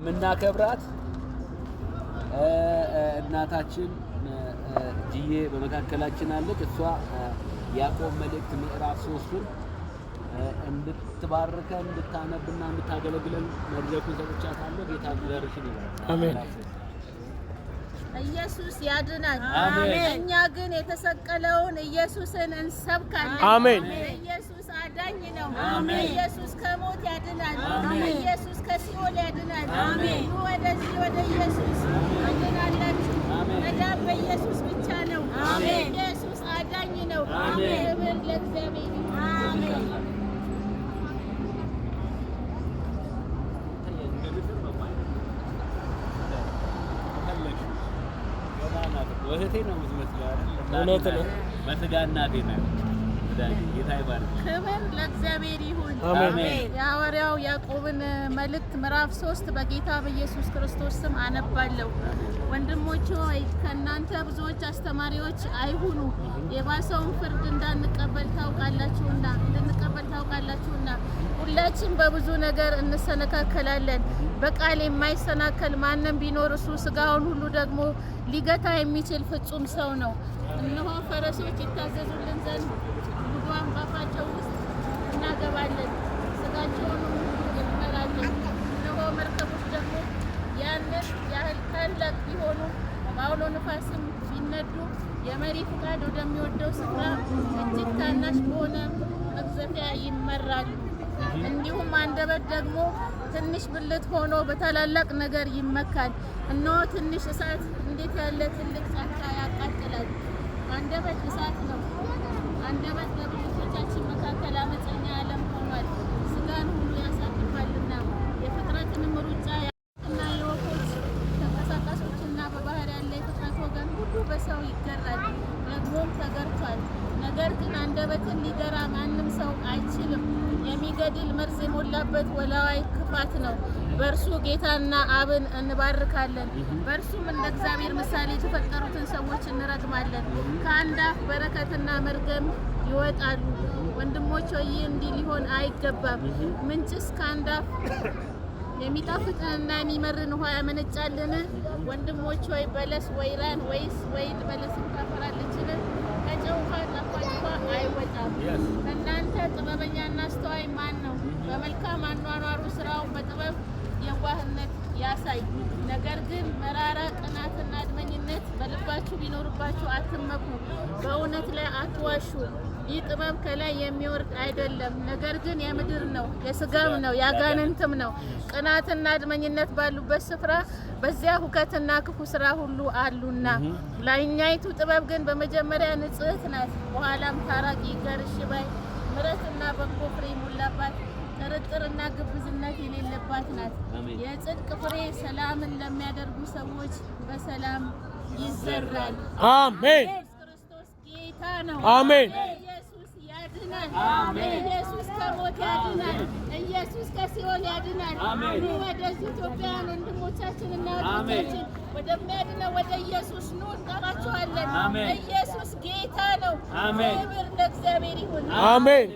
የምናከብራት እናታችን ጅዬ በመካከላችን አለች። እሷ ያዕቆብ መልእክት ምዕራፍ ሶስቱን እንድትባርከ እንድታነብና እንድታገለግለን መድረኩን ሰጥቻታለሁ። ጌታ እግዚአብሔርሽን ኢየሱስ ያድናል። እኛ ግን የተሰቀለውን ኢየሱስን እንሰብካለን። አሜን። ኢየሱስ አዳኝ ነው። ኢየሱስ ከሞት ያድናል። እንግዲህ ወደ ኢየሱስ እንድናላችሁ። መዳን በኢየሱስ ብቻ ነው። ኢየሱስ አዳኝ ነው። ክብር ለእግዚአብሔር። እውነት ነው። በስጋ እናቴ ነው። ክብር ለእግዚአብሔር ይሁን። የሐዋርያው ያዕቆብን መልእክት ምዕራፍ ሶስት በጌታ በኢየሱስ ክርስቶስ ስም አነባለሁ። ወንድሞች ሆይ ከእናንተ ብዙዎች አስተማሪዎች አይሁኑ፣ የባሰውን ፍርድ እንዳንቀበል ታውቃላችሁና እንድንቀበል ታውቃላችሁና። ሁላችን በብዙ ነገር እንሰነካከላለን። በቃል የማይሰናከል ማንም ቢኖር እሱ ስጋውን ሁሉ ደግሞ ሊገታ የሚችል ፍጹም ሰው ነው። እነሆ ፈረሶች ይታዘዙልን ዘንድ አንፋፋቸው ውስጥ እናገባለን፣ ስጋቸውንም እንበላለን። እነሆ መርከቦች ደግሞ ያንን ያህል ታላቅ ቢሆኑ በአውሎ ንፋስም ቢነዱ የመሪ ፍቃድ ወደሚወደው ስፍራ እጅግ ታናሽ በሆነ መቅዘፊያ ይመራሉ። እንዲሁም አንደበት ደግሞ ትንሽ ብልት ሆኖ በታላላቅ ነገር ይመካል። እነሆ ትንሽ እሳት እንዴት ያለ ትልቅ ጫካ ያቃጥላል! አንደበት እሳት ነው። ነገር ግን አንደበትን ሊገራ ማንም ሰው አይችልም። የሚገድል መርዝ የሞላበት ወላዋይ ክፋት ነው። በእርሱ ጌታና አብን እንባርካለን። በእርሱም እንደ እግዚአብሔር ምሳሌ የተፈጠሩትን ሰዎች እንረግማለን። ከአንድ አፍ በረከትና መርገም ይወጣሉ። ወንድሞች ሆይ ይህ እንዲህ ሊሆን አይገባም። ምንጭስ ከአንድ አፍ የሚጣፍጥንና የሚመርን ውሃ ያመነጫልን? ወንድሞች ሆይ በለስ ወይራን ወይስ ወይን በለስ እንታፈራለን? እናንተ ጥበበኛና አስተዋይ ማን ነው? በመልካም አኗኗሩ ስራውን በጥበብ የዋህነት ያሳይ። ነገር ግን መራራ ቅናትና አድመኝነት በልባችሁ ቢኖርባችሁ አትመኩ፣ በእውነት ላይ አትዋሹ። ይህ ጥበብ ከላይ የሚወርድ አይደለም፣ ነገር ግን የምድር ነው፣ የስጋም ነው፣ የአጋንንትም ነው። ቅናትና አድመኝነት ባሉበት ስፍራ በዚያ ሁከትና ክፉ ስራ ሁሉ አሉና። ላይኛይቱ ጥበብ ግን በመጀመሪያ ንጽህት ናት፣ በኋላም ታራቂ፣ ገርሽ ባይ፣ ምረትና በጎ ፍሬ የሞላባት ጥርጥርና ግብዝነት የሌለባት ናት። የጽድቅ ፍሬ ሰላምን ለሚያደርጉ ሰዎች በሰላም ይዘራል። አሜን። ክርስቶስ ጌታ ነው። አሜን። ያድናል። ኢየሱስ ከሞት ያድናል። ኢየሱስ ከሲኦል ያድናል። ወደዚህ ኢትዮጵያውያን ወንድሞቻችንና እህቶቻችን ወደሚያድነው ወደ ኢየሱስ ኑ እንጠራችኋለን። ኢየሱስ ጌታ ነው። ክብር ለእግዚአብሔር ይሁን። አሜን።